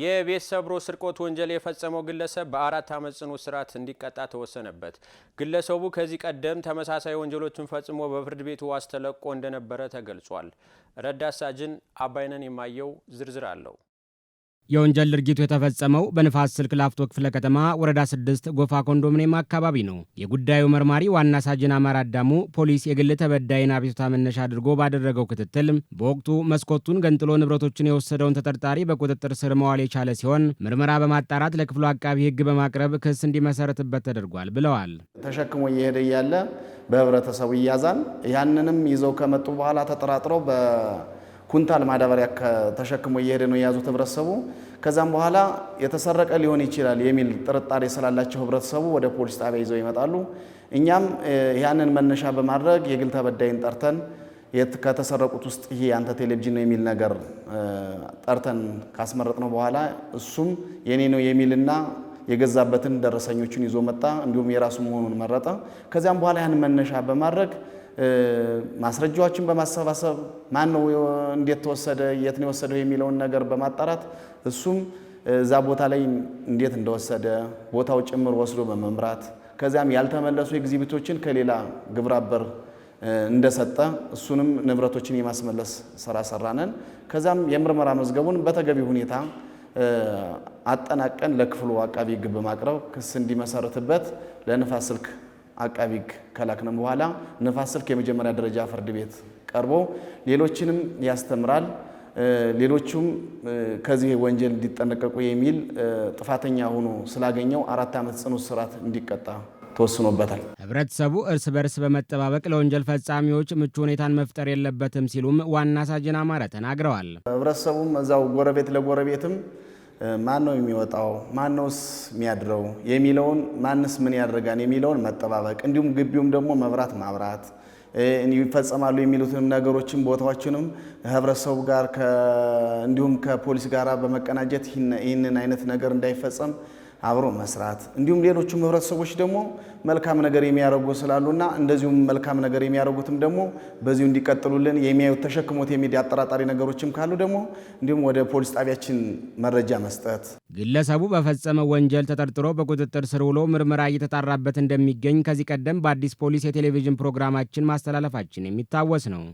የቤት ሰብሮ ስርቆት ወንጀል የፈጸመው ግለሰብ በአራት ዓመት ጽኑ እስራት እንዲቀጣ ተወሰነበት። ግለሰቡ ከዚህ ቀደም ተመሳሳይ ወንጀሎችን ፈጽሞ በፍርድ ቤቱ ዋስ ተለቆ እንደነበረ ተገልጿል። ረዳት ሳጅን አባይነን የማየው ዝርዝር አለው። የወንጀል ድርጊቱ የተፈጸመው በንፋስ ስልክ ላፍቶ ክፍለ ከተማ ወረዳ ስድስት ጎፋ ኮንዶሚኒየም አካባቢ ነው። የጉዳዩ መርማሪ ዋና ሳጅን አማራ አዳሙ ፖሊስ የግል ተበዳይን አቤቱታ መነሻ አድርጎ ባደረገው ክትትል በወቅቱ መስኮቱን ገንጥሎ ንብረቶችን የወሰደውን ተጠርጣሪ በቁጥጥር ስር መዋል የቻለ ሲሆን ምርመራ በማጣራት ለክፍሉ አቃቢ ሕግ በማቅረብ ክስ እንዲመሰረትበት ተደርጓል ብለዋል። ተሸክሞ እየሄደ እያለ በህብረተሰቡ ይያዛል። ያንንም ይዘው ከመጡ በኋላ ተጠራጥረው ኩንታል ማዳበሪያ ተሸክሞ እየሄደ ነው የያዙት ህብረተሰቡ። ከዛም በኋላ የተሰረቀ ሊሆን ይችላል የሚል ጥርጣሬ ስላላቸው ህብረተሰቡ ወደ ፖሊስ ጣቢያ ይዘው ይመጣሉ። እኛም ያንን መነሻ በማድረግ የግል ተበዳይን ጠርተን ከተሰረቁት ውስጥ ይሄ ያንተ ቴሌቪዥን ነው የሚል ነገር ጠርተን ካስመረጥ ነው በኋላ እሱም የኔ ነው የሚልና የገዛበትን ደረሰኞችን ይዞ መጣ፣ እንዲሁም የራሱ መሆኑን መረጠ። ከዚያም በኋላ ያን መነሻ በማድረግ ማስረጃዎችን በማሰባሰብ ማን ነው እንዴት ተወሰደ የት ነው የወሰደው የሚለውን ነገር በማጣራት እሱም እዛ ቦታ ላይ እንዴት እንደወሰደ ቦታው ጭምር ወስዶ በመምራት ከዚያም ያልተመለሱ ኤግዚቢቶችን ከሌላ ግብራበር እንደሰጠ እሱንም ንብረቶችን የማስመለስ ስራ ሰራነን። ከዚያም የምርመራ መዝገቡን በተገቢ ሁኔታ አጠናቀን ለክፍሉ አቃቢ ሕግ በማቅረብ ክስ እንዲመሰርትበት ለንፋስ ስልክ አቃቢ ሕግ ከላክነው በኋላ ንፋስ ስልክ የመጀመሪያ ደረጃ ፍርድ ቤት ቀርቦ ሌሎችንም ያስተምራል። ሌሎቹም ከዚህ ወንጀል እንዲጠነቀቁ የሚል ጥፋተኛ ሆኖ ስላገኘው አራት ዓመት ጽኑ እስራት እንዲቀጣ ተወስኖበታል። ህብረተሰቡ እርስ በርስ በመጠባበቅ ለወንጀል ፈጻሚዎች ምቹ ሁኔታን መፍጠር የለበትም ሲሉም ዋና ሳጅን አማረ ተናግረዋል። ህብረተሰቡም እዛው ጎረቤት ለጎረቤትም ማን ነው የሚወጣው፣ ማነውስ የሚያድረው የሚለውን ማንስ ምን ያደርጋል የሚለውን መጠባበቅ፣ እንዲሁም ግቢውም ደግሞ መብራት ማብራት ይፈጸማሉ የሚሉትንም ነገሮችን ቦታዎችንም ህብረተሰቡ ጋር እንዲሁም ከፖሊስ ጋር በመቀናጀት ይህንን አይነት ነገር እንዳይፈጸም አብሮ መስራት እንዲሁም ሌሎቹም ህብረተሰቦች ደግሞ መልካም ነገር የሚያደርጉ ስላሉና እንደዚሁም መልካም ነገር የሚያደርጉትም ደግሞ በዚሁ እንዲቀጥሉልን የሚያዩት ተሸክሞት የሚድ አጠራጣሪ ነገሮችም ካሉ ደግሞ እንዲሁም ወደ ፖሊስ ጣቢያችን መረጃ መስጠት። ግለሰቡ በፈጸመ ወንጀል ተጠርጥሮ በቁጥጥር ስር ውሎ ምርመራ እየተጣራበት እንደሚገኝ ከዚህ ቀደም በአዲስ ፖሊስ የቴሌቪዥን ፕሮግራማችን ማስተላለፋችን የሚታወስ ነው።